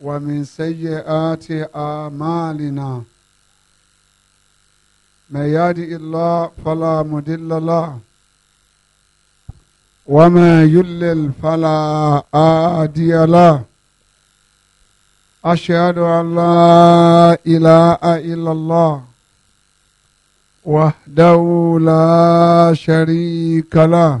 ومن سيئات آمالنا من يادي الله فلا مضل له وما يلل فلا هادي له أشهد أن لا إله إلا الله وحده لا شريك له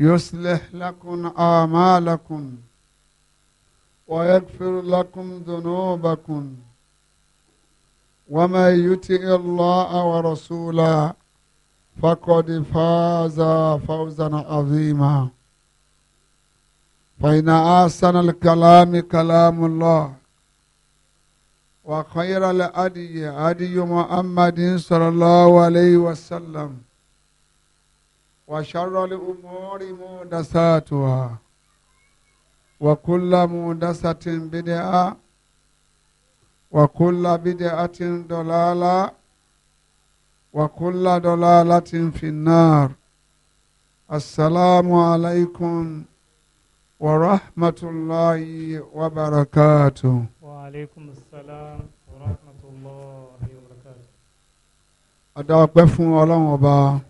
يصلح لكم آمالكم ويغفر لكم ذنوبكم ومن يطع الله ورسوله فقد فاز فوزا عظيما فإن أحسن الكلام كلام الله وخير الأدي أدي محمد صلى الله عليه وسلم وشر الأمور مودساتها وكل مودسة بدعة وكل بدعة ضلالة وكل ضلالة في النار السلام عليكم ورحمة الله وبركاته وعليكم السلام ورحمة الله وبركاته أدعو بفن الله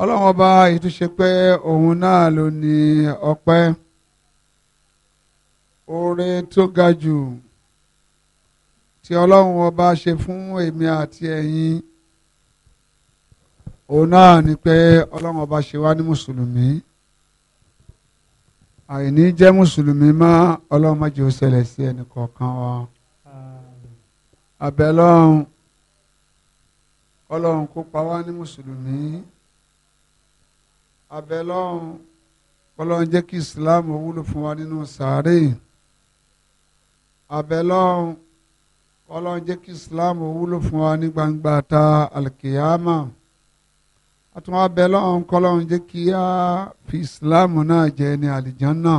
ọlọ́run ọba ìtúnṣe pé òun náà ló ní ọpẹ́ oore tó ga jù tí ọlọ́run ọba ṣe fún èmi àti ẹ̀yin òun náà ni pé ọlọ́run ọba ṣe wá ní mùsùlùmí àìní jẹ́ mùsùlùmí mọ́ ọlọ́run má jẹ́ ó ṣẹlẹ̀ sí ẹnì kọ̀ọ̀kan wa abẹ́lọ́run ọlọ́run kó pa wá ní mùsùlùmí abẹ́lọ́run kọ́lọ́run jẹ́ kí islam wúlò fún wa nínú sàárè abẹ́lọ́run kọ́lọ́run jẹ́ kí islam wúlò fún wa ní gbangba ta alkiyama àtúnwá abẹ́lọ́run kọ́lọ́run jẹ́ kí á fi islam náà jẹ́ ní àlìjánná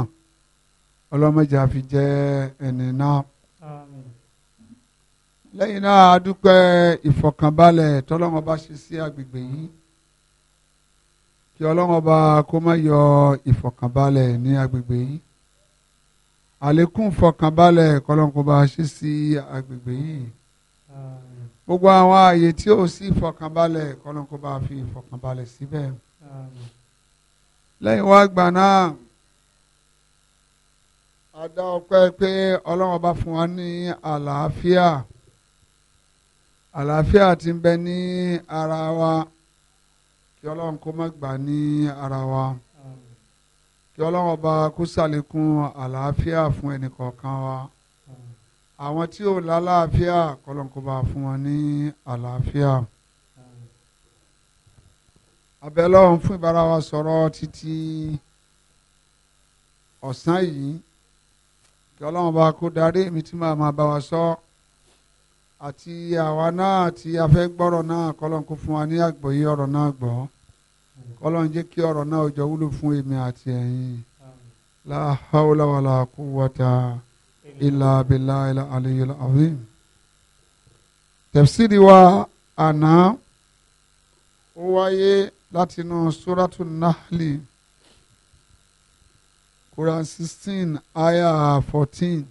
ọlọ́mọdé àfi jẹ́ ẹni náà. Àmín lẹ́yìn náà a dúpẹ́ ìfọ̀kànbalẹ̀ tọ́lọ́mọba ṣe sí agbègbè yìí kí ọlọ́run ọba kó má yọ ìfọ̀kànbalẹ̀ ní agbègbè yìí àlékún ìfọ̀kànbalẹ̀ kọ́lọ́run kó bá ṣe sí agbègbè yìí gbogbo àwọn ààyè tí ò sí ìfọ̀kànbalẹ̀ kọ́lọ́run kó bá fi ìfọ̀kànbalẹ̀ síbẹ̀ lẹ́yìn wá gbà náà a ọpẹ́ pé ọlọ́run ọba fún wa ní àlàáfíà àlàáfíà tí ń bẹ ní ara wa kí ọlọ́run kó má gbà ní ara wa kí ọlọ́run ọba kó ṣàlékún àlàáfíà fún ẹnìkọ̀ọ̀kan wa àwọn tí ò lálàáfíà kọ́lọ́n kó bá fún wọn ní àlàáfíà abẹ́lọ́run fún ìbára wa sọ̀rọ̀ títí ọ̀sán yìí kí ọlọ́run ọba kó darí èmi tí màá máa bá wa sọ àti àwa náà àti afẹ́ gbọ́rọ̀ náà kọ́lọ́n kó fún wa ní àgbọ́yé ọ̀rọ̀ náà gbọ́ kọ́lọ́n jẹ́ kí ọ̀rọ̀ náà jọ wúlò fún èmi àti ẹ̀yin la hawla wala quwwata illa billahi al-aliyyil azim. tafsiri wa àná ó wáyé látinú suratu nahli quran sixteen ayah fourteen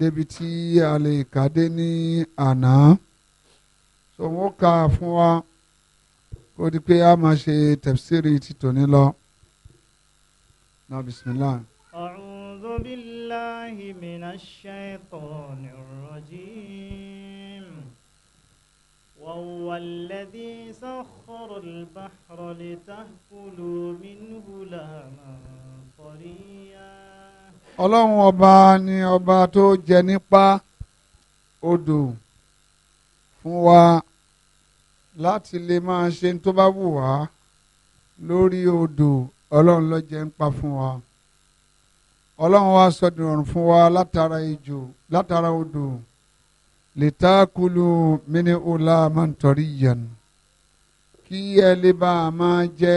débi tí a lè kà ní àná so wọ́n fún wa kó di pé a máa ṣe tafsiri ti tòní lọ. na bismillah. a'udhu billahi minash shaytanir rajim. وهو الذي سخر البحر لتأكلوا منه لهما طريا ọlọ́run ọba ni ọba tó jẹ nípa odò fún wa láti lè máa ṣe tó bá wù wá lórí odò ọlọ́run ló jẹ nípa fún wa ọlọ́run wa sọ dìrọ̀rùn fún wa látara ejò látara odò lè tá kulu mini ola máa ń tọrí yẹn kí ẹ lè bá a máa jẹ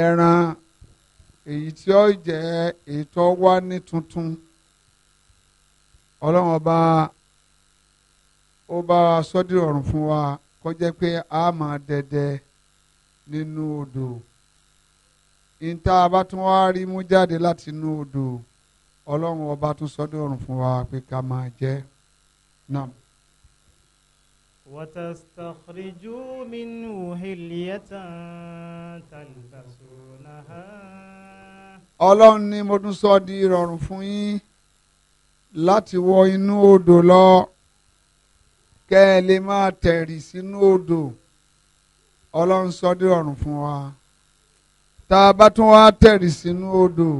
ẹran èyí tí ó jẹ́ ètò wá ní tuntun ọlọ́run ọba ó bá sọ́dí ọ̀run fún wa kó jẹ́ pé a máa dẹdẹ nínú odò níta bá tún wá rí mú jáde láti inú odò ọlọ́run ọba tún sọ́dí ọ̀run fún wa pé ká máa jẹ náà. وتستخرجوا منه هلية تلبسونها ọlọ́run ni mo tún sọ di rọrùn fún yín láti wọ inú odò lọ kẹ́ ẹ lè máa tẹ̀rì sínú odò ọlọ́run sọ di rọrùn fún wa tá a bá tún wá tẹ̀rì sínú odò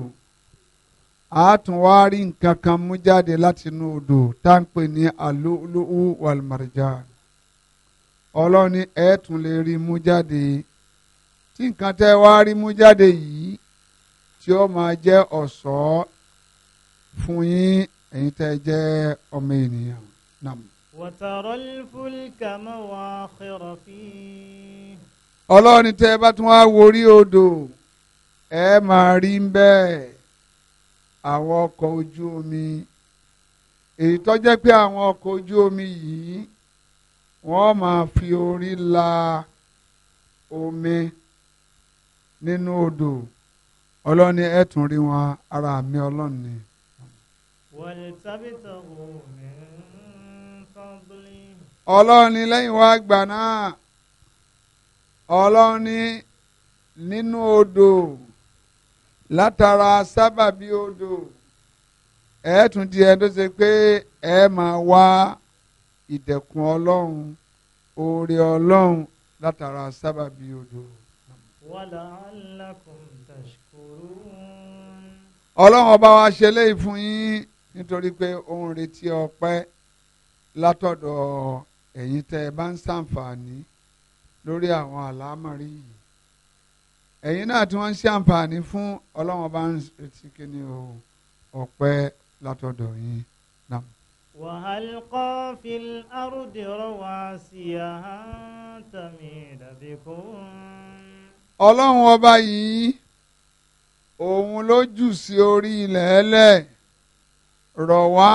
a tún wá rí nǹkan kan mú jáde láti inú odò tá à ń pè ní alúlúú wàlmàrìjáàn ọlọ́run ni ẹ tún lè rí mú jáde tí nǹkan tẹ́ wá rí mú jáde yìí tí ó máa jẹ́ ọ̀ṣọ́ fún yín ẹ̀yin tẹ́ jẹ́ ọmọ ènìyàn náà. wàtàrọ̀ fúlkà máa wà àkẹrọ fi. ọlọ́run tẹ́ bá tún wá worí odò ẹ máa rí ń bẹ́ẹ̀ àwọn ọkọ̀ ojú omi èyí tó jẹ́ pé àwọn ọkọ̀ ojú omi yìí wọ́n máa fi orí la omi nínú odò. No ọlọ́run ni ẹ tún rí wọn ara mi ọlọ́run ni. wọlé tábìtà òun ẹ̀ ń fọ́nbílì. ọlọ́run ni lẹ́yìn wá gbà náà ọlọ́run ni nínú odò látara sábàbí odò ẹ tún di ẹ tó ṣe pé ẹ máa wá ìdẹ̀kùn ọlọ́run oore ọlọ́run látara sábàbí odò. wàlá alákùnrin ọlọ́run ọba wa ṣe léyìí fún yín nítorí pé ó ń retí ọpẹ́ látọ̀dọ̀ ẹ̀yin tẹ́ ẹ bá ń ṣàǹfààní lórí àwọn àlámọ̀rí yìí ẹ̀yin náà tí wọ́n ń ṣàǹfààní fún ọlọ́run ọba ń retí kíni o ọpẹ́ látọ̀dọ̀ yín náà. وألقى الأرض رواسي أن تميد بكم. ọlọ́run ọba òun ló jù sí orí ilẹ̀ ẹlẹ̀ rọ̀ wá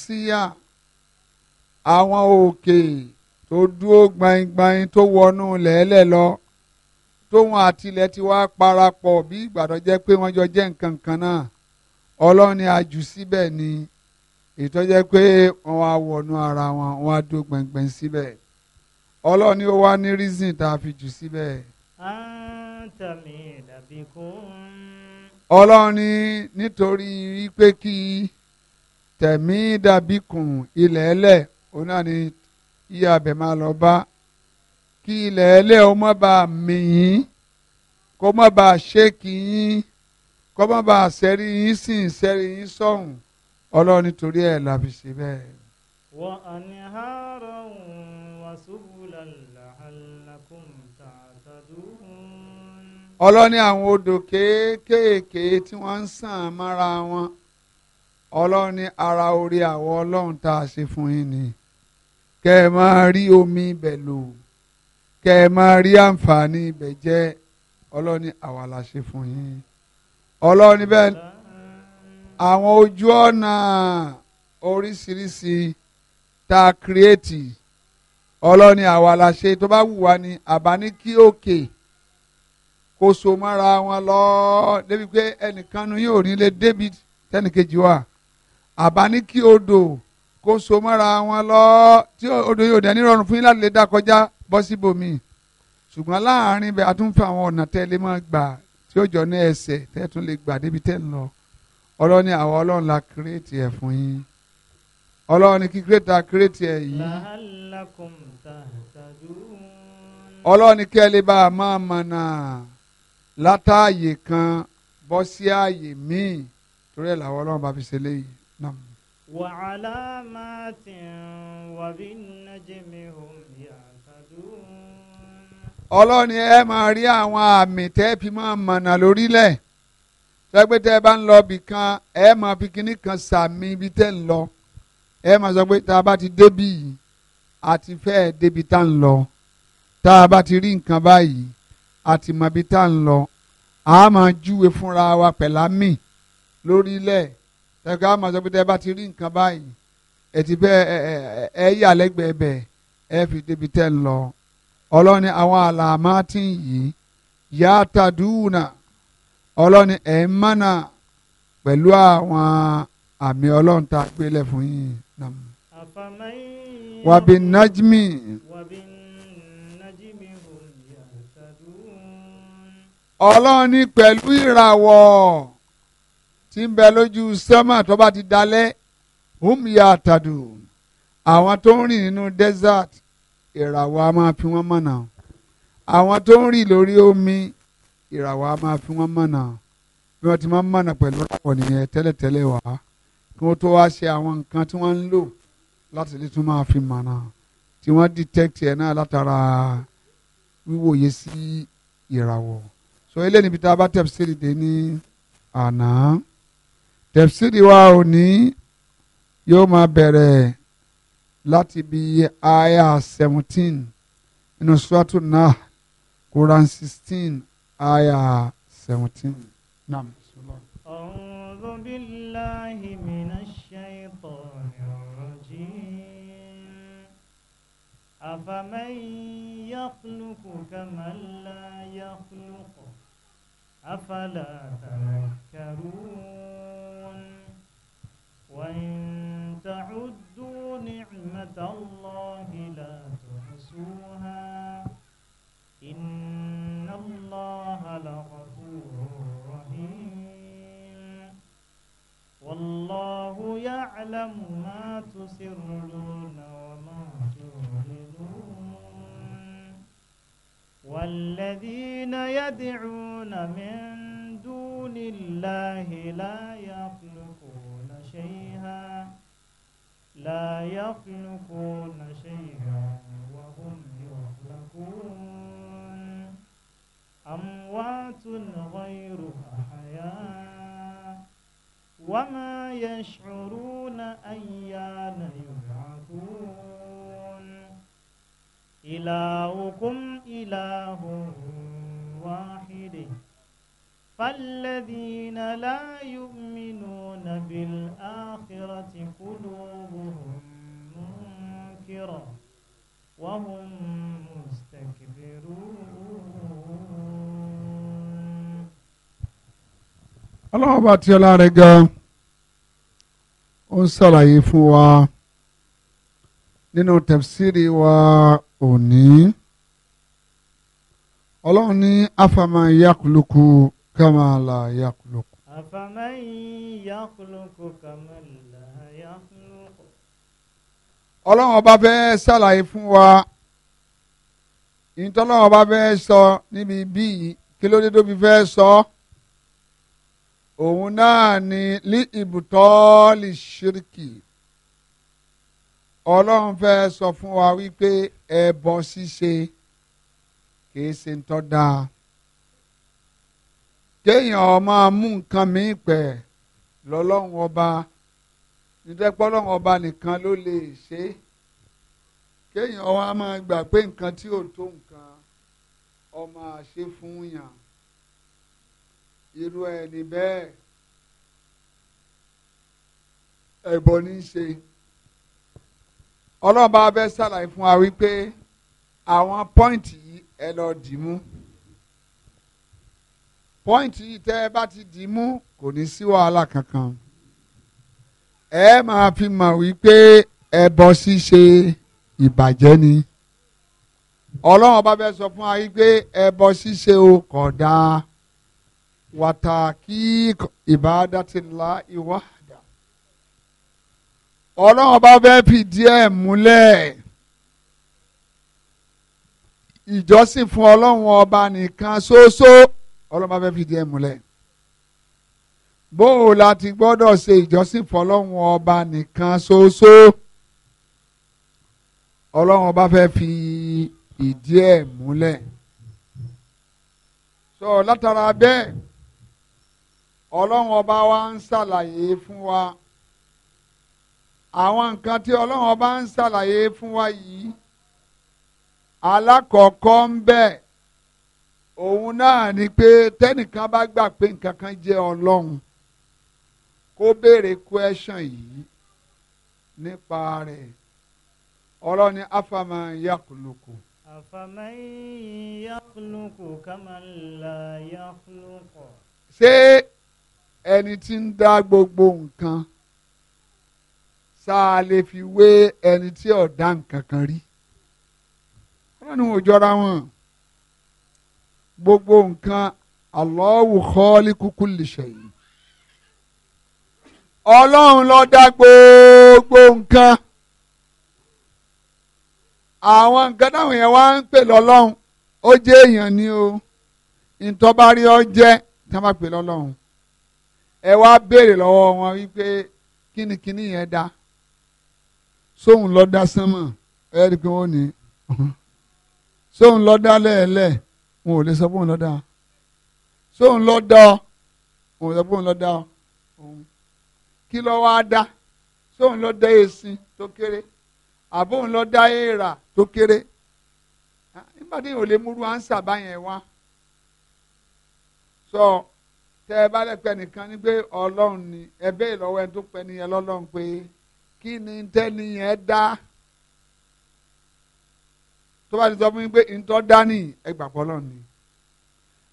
síyà àwọn òkè tó dúró gbaingbain tó wọnú ilẹ̀ ẹlẹ̀ lọ tóun àti ilẹ̀ ti wá parapọ̀ bí ìgbàdàn jẹ́ pé wọ́n jọ jẹ́ nǹkan kan náà ọlọ́run ni àjù síbẹ̀ ni ìtọ́jẹ́ pé wọ́n wá wọnú ara wọn wọ́n á dúró gbẹ̀ngbẹ̀ng síbẹ̀ ọlọ́run ni ó wá ní reason tá a fi jù síbẹ̀. àǹtàmì dàbí kún Ọlọ́rin nítorí pé kí tẹ̀mí dàbí kùn ilẹ̀ ẹlẹ̀ òun náà ni ìyá abẹ máa lọ bá kí ilẹ̀ ẹlẹ̀ ó yín kó ṣe yín kó má bàa sẹ́rí yín sì ń sẹ́rí yín sọ̀hún nítorí ẹ̀ làbìsí bẹ́ẹ̀. ọlọ́ni àwọn odò kéékèèké tí wọ́n ń sàn mára wọn ọlọ́ni ara orí àwọn ọlọ́run tá a ṣe fún yín ni kẹ́ ẹ máa rí omi ibẹ̀ lò kẹ́ ẹ máa rí àǹfààní ibẹ̀ jẹ ọlọ́ni àwa la ṣe fún yín ọlọ́ni bẹ́ẹ̀ àwọn ojú ọ̀nà oríṣiríṣi tá a kírètì ọlọ́ni àwa la ṣe tó bá wù wá ni àbá ní kí òkè. Okay kó so mọ́ra wọn lọ débi pé ẹnìkan nu yóò rí lé débi tẹnìkejì wa àbá ní kí odò kó so mọ́ra wọn lọ tí odò yóò dẹ̀ nírọ̀rùn fún yín láti lè dá kọjá bọ́ síbòmí ṣùgbọ́n láàrin bẹ́ẹ̀ àtúnfẹ́ àwọn ọ̀nà tẹ́lẹ̀ máa gbà tí ó jọ ní ẹsẹ̀ tẹ́tún lè gbà débi tẹ́ ń lọ ọlọ́run ni àwọn ọlọ́run la kírètì ẹ̀ fún yín ọlọ́run ni kí kírètà kírètì ẹ̀ yìí ọlọ́run ni kí ẹ lè bá a máa mọ̀ náà látààyè kan bọ́ sí ààyè míì torí ẹ̀ làwọn ọlọ́run bá fi ṣe léyìí náà. وعلامات وبالنجم هم يعتدون ọlọ́ni ẹ máa rí àwọn àmì tẹ́ fi máa mọ̀nà lórílẹ̀ sọgbẹ́ tẹ́ ẹ bá ń lọ ibì kan ẹ máa fi kinní kan sàmì ibi tẹ́ ń lọ ẹ máa sọ pé tá a bá ti débì yìí àti fẹ́ẹ̀ débi tá ń lọ tá a bá ti rí nǹkan báyìí àti mọ̀bí tá à ń lọ a máa júwe fúnra wa pẹ̀lá mì lórílẹ̀ tẹ̀ka a máa sọ pé tẹ́ bá ti rí nǹkan báyìí ẹ ti bẹ́ ẹ ẹ yà lẹ́gbẹ̀ẹ́ bẹ̀ ẹ fi débi tẹ́ ń lọ ọlọ́ni àwọn àlàmá tí ń yìí yá tàdúùnà ọlọ́ni ẹ̀ ń mánà pẹ̀lú àwọn àmì ọlọ́run a gbélé fún yín. wàbí najmi. ọlọ́run ní pẹ̀lú ìràwọ̀ tí ń bẹ lójú sẹ́mà tó bá ti dalẹ̀ húmìyà àtàdù àwọn tó ń rìn nínú desert ìràwọ̀ a máa fi wọ́n mọ̀nà àwọn tó ń rìn lórí omi ìràwọ̀ a máa fi wọ́n mọ̀nà bí wọ́n ti máa ń mọ̀nà pẹ̀lú ọ̀pọ̀ nìyẹn tẹ́lẹ̀tẹ́lẹ̀ wá kí wọ́n tó wá ṣe àwọn nǹkan tí wọ́n ń lò láti lè tún máa fi mọ̀nà tí wọ́n detect ẹ̀ náà látara wíwòye sí ìràwọ̀ so eléyìí níbi tá a bá tẹ̀síìrì dé ní àná tẹ̀síìrì wa ò ní yóò máa bẹ̀rẹ̀ láti bí aya seventeen nínú suratu Nahl Quran sixteen aya seventeen. Naam. أعوذ أفمن يخلق كمن لا يخلق أفلا تذكرون وإن تعدوا نعمة الله لا تحصوها إن الله لغفور رحيم والله يعلم ما تسرون وما تعلنون والذين يدعون من دون الله لا يخلقون شيئا لا يخلقون شيئا وهم يخلقون أموات غير أحياء وما يشعرون أيان يبعثون إلهكم إله فالذين لا يؤمنون بالآخرة قلوبهم منكرة وهم مستكبرون الله ọba tí ọlá rẹ̀ ga ó ń ṣàlàyé fún wa nínú tẹ̀síìrì wa òní ọlọ́run ní afama yakuluku كما لا يخلق أفمن يخلق كمن لا يخلق ọlọ́run ọba fẹ́ ṣàlàyé fún wa ìtọ́lọ́run ọba fẹ́ sọ níbi bíi kí ló dé tó fi sọ òun náà ni lí ìbùtọ́ọ̀lì ṣíríkì ọlọ́run fẹ́ sọ fún wa wípé ẹbọ ṣíṣe kìí ṣe ń tọ́ dáa kéèyàn ọmọ mú nǹkan míì pẹ̀ lọ́lọ́run ọba nítẹ́pọ́ lọ́run ọba nìkan ló lè ṣe é kéèyàn wa máa gbà pé nǹkan tí ò tó nǹkan ọmọ àṣe fún yàn irú ẹni bẹ́ẹ̀ ẹ̀bọ ní í ṣe ọlọ́ba abẹ́ ṣàlàyé fún wa wípé àwọn pọ́ìntì yìí ẹ lọ dì mú pọ́ìntì yìí tẹ́ ẹ bá ti dì í mú kò ní sí wàhálà kankan ẹ máa fi mọ̀ wípé ẹbọ ṣíṣe ìbàjẹ́ ni ọlọ́run ọba bẹ́ẹ̀ sọ fún wa wípé ẹbọ ṣíṣe o kò dáa wàtà kí ìbádàtìlá ìwà àdá ọlọ́run ọba bẹ́ẹ̀ fi díẹ̀ múlẹ̀ ìjọsìn fún ọlọ́run ọba nìkan ṣoṣo. So -so ọlọ́mọ fẹ́ fìdí ẹ̀ múlẹ̀ bó o la ti gbọ́dọ̀ ṣe ìjọsìn fọlọ́run ọba nìkan ṣoṣo ọlọ́run ọba fẹ́ fi ìdí ẹ̀ múlẹ̀ sọ látara bẹ́ẹ̀ ọlọ́run ọba wa ń ṣàlàyé fún wa àwọn nǹkan tí ọlọ́run ọba ń ṣàlàyé fún wa yìí alákọ̀ọ́kọ́ ń bẹ́ẹ̀ òun náà ni pé tẹ́nìkan bá gbà pé nǹkan kan jẹ́ ọlọ́run kó béèrè question yìí nípa rẹ̀ ọlọ́run ni afama yakuluku. afama yakuluku kaman la yakuluku. ṣé ẹni tí ń dá gbogbo nǹkan sáà lè fi wé ẹni tí ò nǹkan kan rí ọlọ́run ò jọra wọn gbogbo nǹkan Allahu khaliqu kulli shay ọlọ́run ló dá gbogbo nǹkan àwọn nǹkan táwọn yẹn wá ń pè lọ́lọ́run ó jẹ́ èèyàn ni o ntọ́bárí ọ jẹ́ tí wọ́n bá pè lọ́lọ́run ẹ wá béèrè lọ́wọ́ wọn wípé kínníkínní yẹn dá sóun ló dá sánmọ̀ ẹ rí i pé wọ́n ní sóun ló dá lẹ́ẹ̀lẹ́ẹ̀ wọn ò lè sọ fóun lọ́dà sóun lọ́dà òun sọ fóun lọ́dà òun kí lọ́ wá dá sóun lọ́dà èsì tó kéré àbóun lọ́dà èèrà tó kéré ah, nígbà tí yóò lè múru ánsà báyẹn wá sọ tẹ ẹ bá lẹpẹ nìkan ni pé Ọlọ́run ni ẹ bẹ́ẹ̀ lọ́wọ́ ẹ tó pẹ nìyẹn lọ́lọ́run pé kí ni tẹ́niyẹn dá tó bá ti sọ fún mi pé ntọ́ dání ẹgbà fọlọ́run ni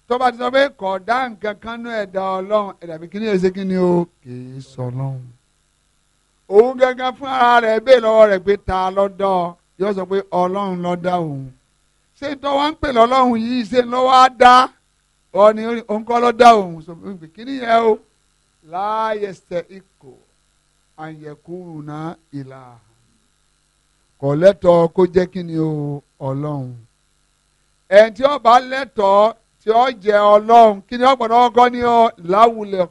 tó bá ti sọ pé kọ̀ dá nǹkan kan nú ẹ̀dá ọlọ́run ẹ̀dá bí kíní ẹ̀ṣẹ́ kíní o kì í sọ ọlọ́run òun gangan fún ara rẹ̀ bẹ́ẹ̀ lọ́wọ́ rẹ̀ pé ta lọ́dọ̀ yóò sọ pé ọlọ́run ló òun ṣé tó wá ń pè lọ́lọ́run yìí ṣe lọ́wọ́ á dá ọ ni òun kọ́ ló dá òun sọ pé kíní yẹn o láàyè ṣe ikọ̀ àyẹ̀kùn náà ìlà kò lẹ́tọ̀ọ́ kó jẹ́ kí ni o ọlọ́run ẹni tí lẹ́tọ̀ọ́ tí ọ jẹ ọlọ́run kí ni ọ ọgọ́ ni ó láwùlẹ̀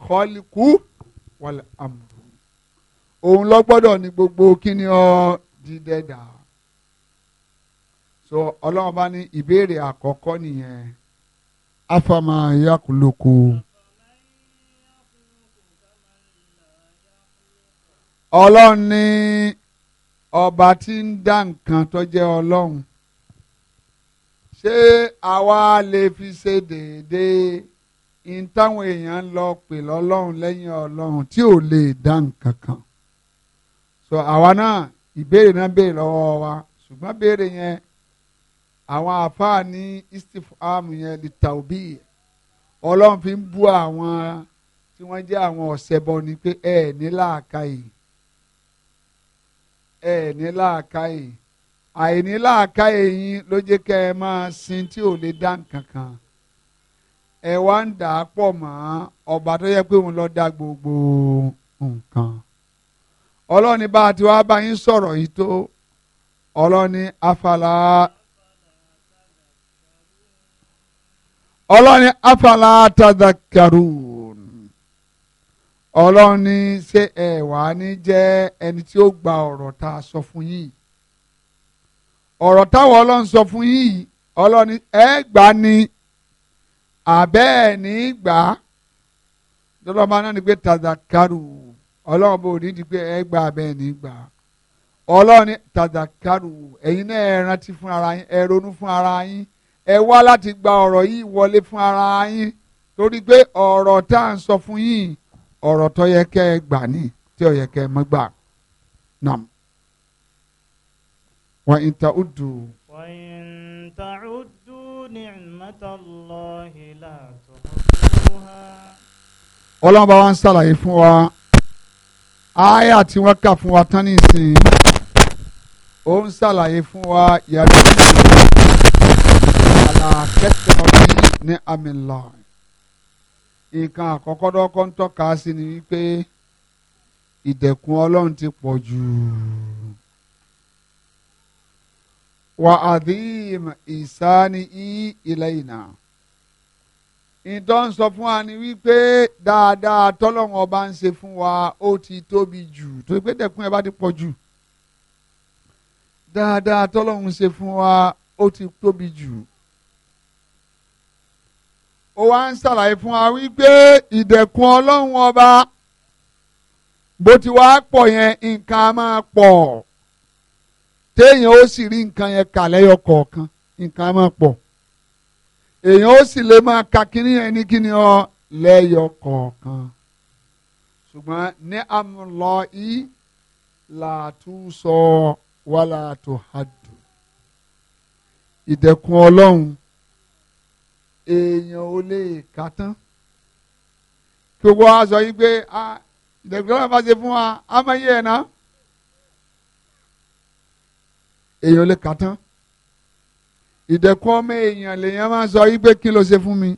àmọ́ òun lọ gbọ́dọ̀ ní gbogbo kí ni ọ dídẹ́dà so ọlọ́run bá ní ìbéèrè àkọ́kọ́ nìyẹn ọba tí ń dá nǹkan tó jẹ́ ọlọ́run ṣé àwa lè fi ṣe déédéé in táwọn èèyàn ń lọ pè lọ́lọ́run lẹ́yìn ọlọ́run tí ò lè dá nǹkan kan so àwa náà ìbéèrè náà béèrè lọ́wọ́ wa ṣùgbọ́n béèrè yẹn àwọn àfáà ní istifam yẹn lè ta òbí ọlọ́run fi ń bú àwọn tí wọ́n jẹ́ àwọn ọ̀sẹ̀ bọ ni pé ẹ ní làákàyè ẹ ní làákàyè àìní làákàyè yín ló jẹ́ kẹ ẹ máa sin tí ò lè dá nǹkan kan ẹ wá ń dà á pọ̀ mọ́ ọba tó yẹ pé òun lọ dá gbogbo nǹkan ọlọ́ni bá a ti wá bá yín sọ̀rọ̀ yìí tó ọlọ́ni afala ọlọ́ni afala tadakaru. ọlọ́run ní ṣé ẹ wà ní jẹ́ ẹni tí ó gba ọ̀rọ̀ tá a sọ fún yín ọ̀rọ̀ táwọn ọlọ́run sọ fún yín ọlọ́run ẹ gbà ní àbẹ́ ní gbà lọ́dọ̀ máa náà ni pé tàdàkàrù ọlọ́run bò ní di pé ẹ gbà àbẹ́ ẹ̀ ní gbà ọlọ́run tàdàkàrù ẹ̀yin náà ẹ rántí fún ara yín ẹ ronú fún ara yín ẹ wá láti gba ọ̀rọ̀ yìí wọlé fún ara yín torí pé ọ̀rọ̀ tá à sọ fún yín ọ̀rọ̀ tó yẹ kẹ́ ẹ gbà ní tí ó yẹ kẹ́ ẹ mọ́ gbà nam. wa in ta'uddu. wa in ta'uddu ni'matallahi la tuhsuha. ọlọ́mọba wa ń ṣàlàyé fún wa àyà tí wọ́n kà fún wa tán nísìnyí ó ń ṣàlàyé fún wa yàrá ìṣòro àlàkẹ́tọ̀ ní àmì nǹkan àkọ́kọ́ dọ́kọ́ ń tọ́ka sí ni wípé ìdẹ̀kùn ọlọ́run ti pọ̀ jù wà àdìm ìsáni í ilẹ̀ ìnà ìtọ́ ń sọ fún wa ni wípé dáadáa tọ́lọ́run ọba ń ṣe fún wa ó ti tóbi jù torí pé dẹ̀kùn ẹ̀ bá ti pọ̀ jù dáadáa tọ́lọ́run ṣe fún wa ó ti tóbi jù ó wá ń ṣàlàyé fún wa wípé ìdẹ̀kùn ọlọ́run ọba bó ti wá pọ̀ yẹn nǹkan á máa pọ̀ téèyàn ó sì rí nǹkan yẹn kà lẹ́yọ kọ̀ọ̀kan nǹkan á máa pọ̀ èèyàn ó sì lè máa ka kíní yẹn ní kíní ọ lẹ́yọ kọ̀ọ̀kan ṣùgbọ́n ní àmúlọ yìí làtúnṣọ wàlàtúhàdù ìdẹ̀kùn ọlọ́run èèyàn ò lè kà tán gbogbo wa yìí pé a ìdẹ̀gbẹ́lá bá ṣe fún wa a máa yẹ ẹ̀ ná èèyàn ò lè kà tán ìdẹ̀kùn ọmọ èèyàn lèèyàn máa sọ yìí pé kí ló ṣe fún mi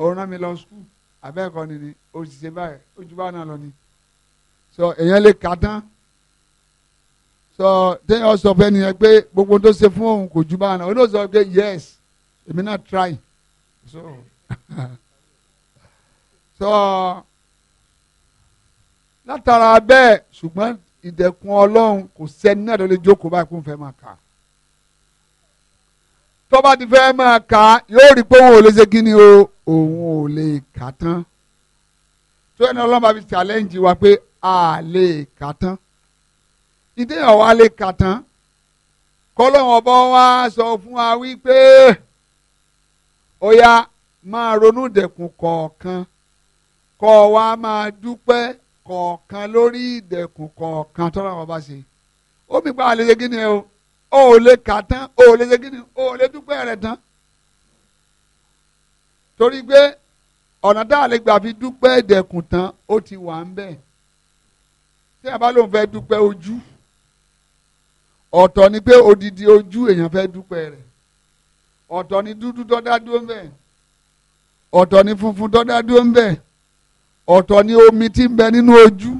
òun rán mi lọ skul abẹ́ẹ̀kọ́ ni ni o sì ṣe báyìí o bá náà lọ ni sọ èèyàn lè kà tán sọ téèyàn sọ fẹ́ nìyẹn pé gbogbo tó ṣe fún òun kò jù bá náà o ní o sọ pé yes èmi náà try so so látara bẹ́ẹ̀ ṣùgbọ́n ìdẹ̀kùn ọlọ́run kò sẹ́ni náà ló lè jókòó báyìí kó n fẹ́ máa kà á ti fẹ́ máa kà yóò rí pé òun ò lè ṣe kí ni o òun ò lè kà á tán tó ẹni ọlọ́run bá fi challenge wa pé a lè kà á tán ìdíyàn wa lè kà tán kọ́lọ́run ọba wa sọ fún wa wípé. ó yá máa ronú dẹ̀kun kọ̀ọ̀kan kọ́ máa dúpẹ́ kọ̀ọ̀kan lórí ìdẹ̀kun kọ̀ọ̀kan tọ́lá wọn bá ṣe ó pa àlejò o ó lè kà tán ó lè ṣe gíní ó lè dúpẹ́ rẹ̀ tán torí pé ọ̀nà tá a lè gbà fi dúpẹ́ ti wà ń bẹ̀. tí fẹ́ ni pé odidi ojú èèyàn fẹ́ dúpẹ́ ọ̀tọ̀ ni dúdú dọ́dá dúró ń bẹ̀ ọ̀tọ̀ ni funfun dọ́dá dúró ń bẹ̀ ọ̀tọ̀ ni omi tí ń bẹ nínú ojú